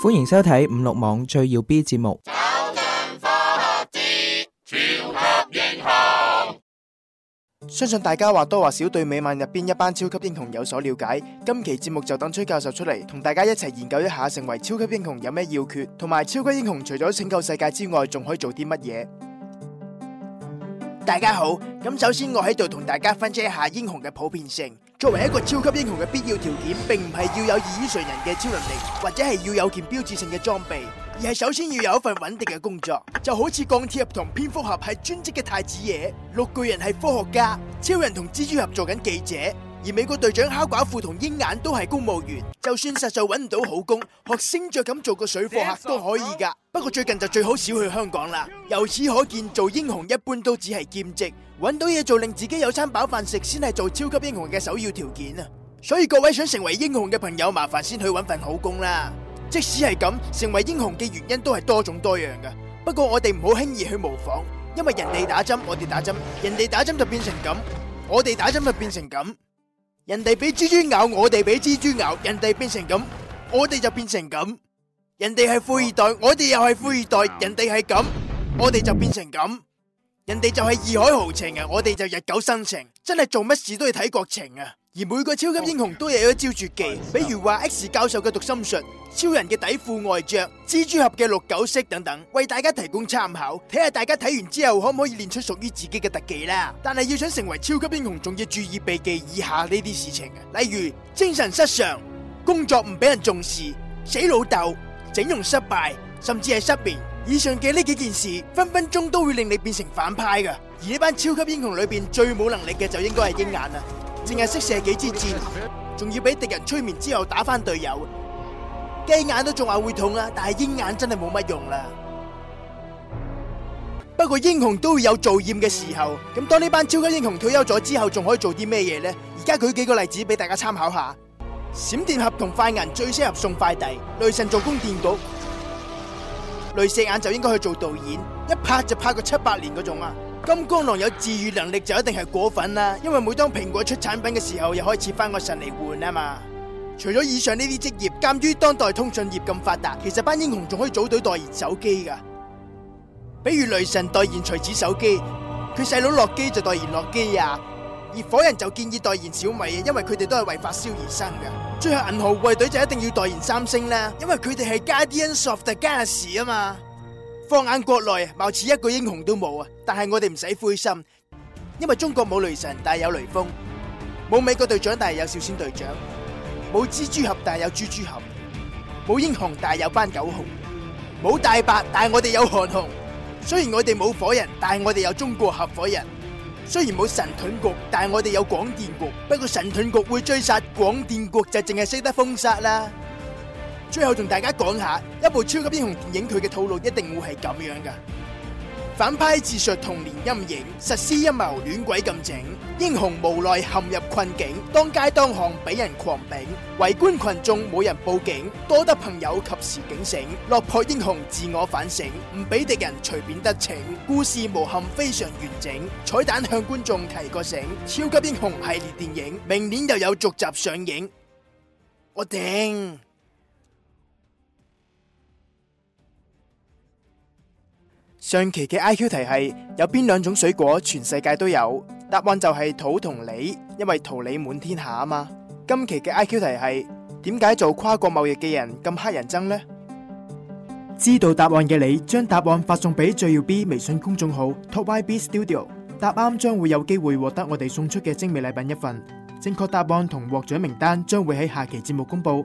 歡迎收睇五六網最要 B 節目，走進科學節，超級英雄。相信大家或多或少對美漫入邊一班超級英雄有所了解。今期節目就等崔教授出嚟，同大家一齊研究一下成為超級英雄有咩要訣，同埋超級英雄除咗拯救世界之外，仲可以做啲乜嘢？大家好，咁首先我喺度同大家分析一下英雄嘅普遍性。作為一個超級英雄嘅必要條件，並唔係要有異於常人嘅超能力，或者係要有件標誌性嘅裝備，而係首先要有一份穩定嘅工作。就好似鋼鐵俠同蝙蝠俠係專職嘅太子爺，綠巨人係科學家，超人同蜘蛛俠做緊記者。而美國隊長、黑寡婦同鷹眼都係公務員，就算實在搵唔到好工，學星爵咁做個水貨客都可以噶。不過最近就最好少去香港啦。由此可見，做英雄一般都只係兼職，搵到嘢做令自己有餐飽飯食先係做超級英雄嘅首要條件啊！所以各位想成為英雄嘅朋友，麻煩先去搵份好工啦。即使係咁，成為英雄嘅原因都係多種多樣噶。不過我哋唔好輕易去模仿，因為人哋打針，我哋打針；人哋打針就變成咁，我哋打針就變成咁。人哋俾蜘蛛咬，我哋俾蜘蛛咬，人哋變成咁，我哋就變成咁。人哋係富二代，我哋又係富二代，人哋係咁，我哋就變成咁。人哋就係義海豪情，我哋就日久生情，真係做乜事都要睇國情啊！而每個超級英雄都有一招絕技，比如話 X 教授嘅讀心術、超人嘅底褲外着、蜘蛛俠嘅六九式等等，為大家提供參考，睇下大家睇完之後可唔可以練出屬於自己嘅特技啦。但係要想成為超級英雄，仲要注意避忌以下呢啲事情，例如精神失常、工作唔俾人重視、死老豆、整容失敗，甚至係失眠。以上嘅呢幾件事，分分鐘都會令你變成反派噶。而呢班超級英雄裏邊最冇能力嘅就應該係鷹眼啦。淨係識射幾支箭，仲要俾敵人催眠之後打翻隊友，雞眼都仲話會痛啊，但係鷹眼真係冇乜用啦。不過英雄都會有做厭嘅時候，咁當呢班超級英雄退休咗之後，仲可以做啲咩嘢呢？而家舉幾個例子俾大家參考下：閃電俠同快銀最適合送快遞，雷神做供電局，雷射眼就應該去做導演，一拍就拍過七八年嗰種啊！金剛狼有治愈能力就一定係果粉啦，因為每當蘋果出產品嘅時候，又開始翻個神嚟換啊嘛。除咗以上呢啲職業，鑒於當代通訊業咁發達，其實班英雄仲可以組隊代言手機噶。比如雷神代言錘子手機，佢細佬洛基就代言諾基亞；而火人就建議代言小米，因為佢哋都係為發燒而生嘅。最後銀河護衛隊就一定要代言三星啦，因為佢哋係 Guardians of the Galaxy 啊嘛。放眼國內，貌似一個英雄都冇啊！但係我哋唔使灰心，因為中國冇雷神，但係有雷鋒；冇美國隊長，但係有少先隊長；冇蜘蛛俠，但係有豬豬俠；冇英雄，但係有班狗熊；冇大白，但係我哋有韓紅。雖然我哋冇火人，但係我哋有中國合伙人。雖然冇神盾局，但係我哋有廣電局。不過神盾局會追殺，廣電局就淨係識得封殺啦。最後同大家講下一部超級英雄電影，佢嘅套路一定會係咁樣嘅，反派自述童年陰影，實施陰謀亂鬼咁整，英雄無奈陷入困境，當街當巷俾人狂丙，圍觀群眾冇人報警，多得朋友及時警醒，落魄英雄自我反省，唔俾敵人隨便得逞，故事無憾非常完整，彩蛋向觀眾提個醒，超級英雄系列電影明年又有續集上映，我頂。上期嘅 I Q 題係有邊兩種水果全世界都有？答案就係桃同梨，因為桃李滿天下啊嘛。今期嘅 I Q 題係點解做跨國貿易嘅人咁乞人憎呢？知道答案嘅你，將答案發送俾最耀 B 微信公眾號 Top Y B Studio，答啱將會有機會獲得我哋送出嘅精美禮品一份。正確答案同獲獎名單將會喺下期節目公布。